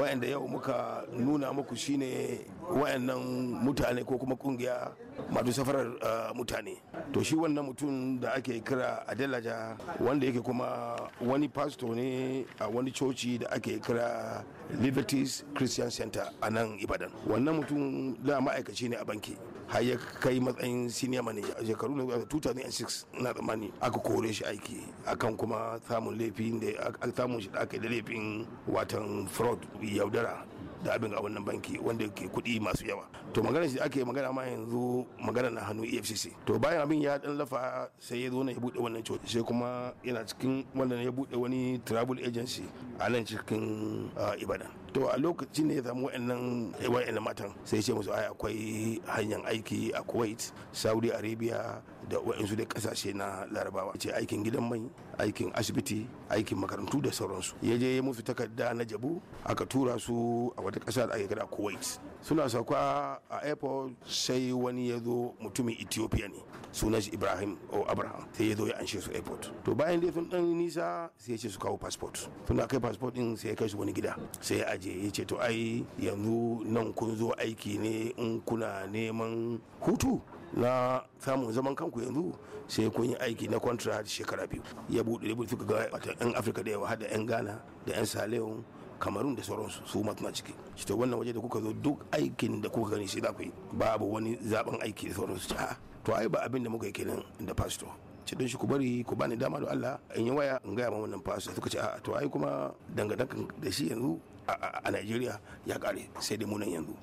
wayanda yau muka nuna muku shine wayannan mutane ko kuma kungiya masu safarar uh, mutane to shi wannan mutum da ake kira adelaja wanda yake kuma wani pastor ne a wani coci da ake kira liberties christian center a nan ibadan wannan mutum da ma'aikaci ne a banki har ya kai matsayin senior manager a shekaru 2006 na uh, tsammani aka kore shi aiki akan kuma samun laifin da samun shi da aka da laifin watan fraud yaudara da abin a wannan banki wanda ke kuɗi masu yawa to magana shi ake magana ma yanzu magana na hannu efcc to bayan abin ya dan lafa sai ya zo na ya buɗe wannan coci sai kuma yana cikin wannan ya buɗe wani travel agency a nan cikin ah, ibadan to a lokacin ne ya samu wa'annan wa'annan matan sai ya ce musu ai akwai hanyar aiki a kuwait saudi arabia da wa'ansu da kasashe na larabawa ce aikin gidan mai aikin asibiti aikin makarantu da sauransu ya je ya musu takarda na jabu aka tura su a wata ƙasa da ake kira kuwait suna sauka a airport sai wani ya zo mutumin ethiopia ne suna shi ibrahim o abraham sai ya zo ya anshe su airport to bayan dai sun dan nisa sai ya ce su kawo passport suna kai passport din sai ya kai su wani gida sai ya aje ya ce to ai yanzu nan kun zo aiki ne in kuna neman hutu na samun zaman kanku yanzu sai kun yi aiki na contract shekara biyu ya buɗe da suka ga yan afirka da yawa har da yan ghana da yan saleon kamarun da sauransu su ma ciki shi ta wannan waje da kuka zo duk aikin da kuka gani shi za ku yi babu wani zaben aiki da sauransu a to ai ba abin da muka yi kenan da pastor ci don shi ku bari ku bani dama da Allah in yi waya in gaya ma wannan pastor suka ce a to ai kuma dangantakan da shi yanzu a Najeriya ya kare sai da munan yanzu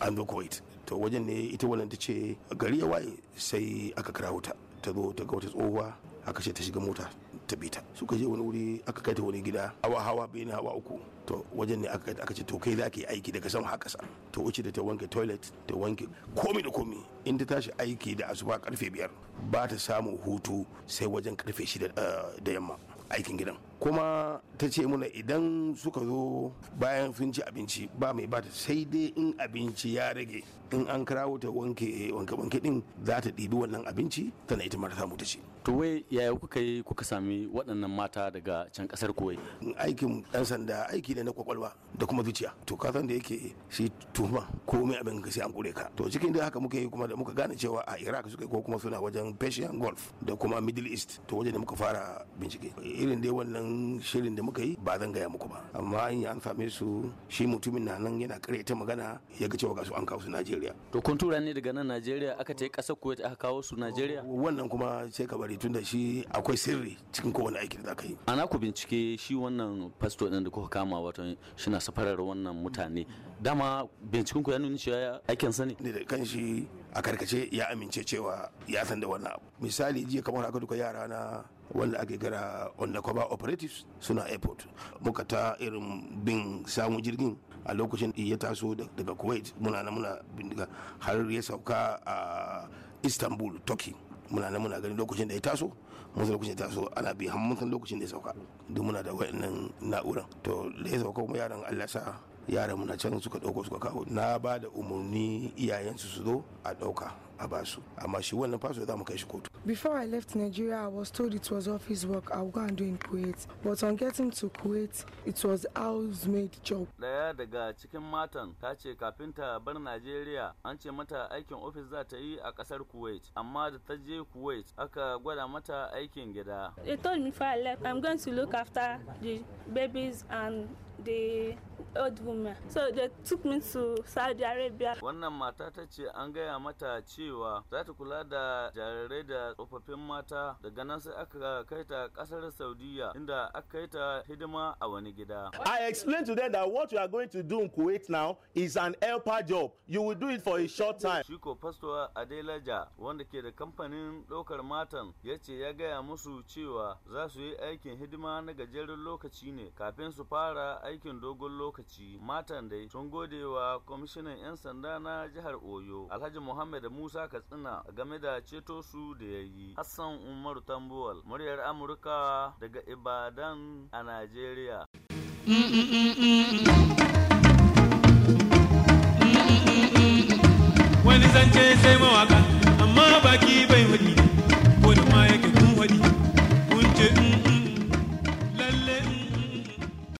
an zo Kuwait to wajen ne ita wannan ta ce gari ya waye sai aka kira wuta ta zo ta ga wata tsohuwa aka ce ta shiga mota ta suka je wani wuri aka kai ta wani gida hawa hawa bai hawa uku to wajen ne aka ce to kai za ka yi aiki daga sama har ƙasa to wuce da ta wanke toilet ta wanke komi da komi in ta tashi aiki da asuba karfe biyar ba ta samun hutu sai wajen karfe shida eh, da yamma aikin gidan kuma ta ce muna idan suka zo bayan sun ci abinci ba mai bata sai dai in abinci ya rage in an kirawo ta wanke eh, wanke wanke din za ta ɗibi wannan abinci tana ita mara samu ta ci to wai yaya kuka yi kuka sami waɗannan mata daga can ƙasar kuwai aikin ɗan sanda aiki ne na kwakwalwa da kuma zuciya to ka san da yake shi tuhuma komai abin ka sai an kure ka to cikin da haka muka yi kuma da muka gane cewa a Iraq suka ko kuma suna wajen Persian Gulf da kuma Middle East to wajen da muka fara bincike irin dai wannan shirin da muka yi ba zan gaya muku ba amma an an same su shi mutumin na nan yana ta magana ya ga cewa ga su an kawo su Najeriya to kun tura ne daga nan Najeriya aka ta kasar Kuwait aka kawo su Najeriya wannan kuma sai ka bari tunda shi akwai sirri cikin kowane aikin da ka yi ana ku bincike shi wannan pastor din da kuka kama wato shina safarar wannan mutane dama binciken ku ya nuna cewa aikin sani ne da kanshi a karkace ya amince cewa ya san da wannan abu misali jiya kamar haka duka yara na wanda ake gara kwaba operatives suna airport muka ta irin bin samun jirgin a lokacin ya taso daga kuwait muna na muna bindiga har ya sauka a istanbul turkey muna nan muna gani lokacin da ya taso mun san lokacin da ya taso ana bi har mun san lokacin da ya sauka duk muna da wayannan na'uran to da ya sauka kuma yaran Allah sa yaran muna can suka dauko suka kawo na ba da umarni iyayensu su zo a dauka a ba basu amma shi wannan passport za mu kai shi kotu before i left nigeria i was told it was office work i would go and do in kuwait but on getting to kuwait it was housemaid job daya daga cikin matan ta ce kafin ta bar nigeria an ce mata aikin office za ta yi a kasar kuwait amma da ta je kuwait aka gwada mata aikin gida they told me before i left i'm going to look after the babies and the old woman so they took me to saudi arabia wannan mata ta ce an gaya mata ce cewa za ta kula da jarirai da tsofaffin mata daga nan sai aka kai ta kasar saudiya inda aka kai ta hidima a wani gida i explained to them that what you are going to do in kuwait now is an helper job you will do it for a short time shiko pastor adelaja wanda ke da kamfanin ɗaukar matan ya ce ya gaya musu cewa za su yi aikin hidima na gajeren lokaci ne kafin su fara aikin dogon lokaci matan dai sun gode wa kwamishinan 'yan sanda na jihar oyo alhaji muhammad musa Musa Katsina game da ceto su da ya yi. Hassan Umaru Tambuwal, muryar Amurka daga Ibadan a Najeriya. Wani zance sai mawaka, amma baki bai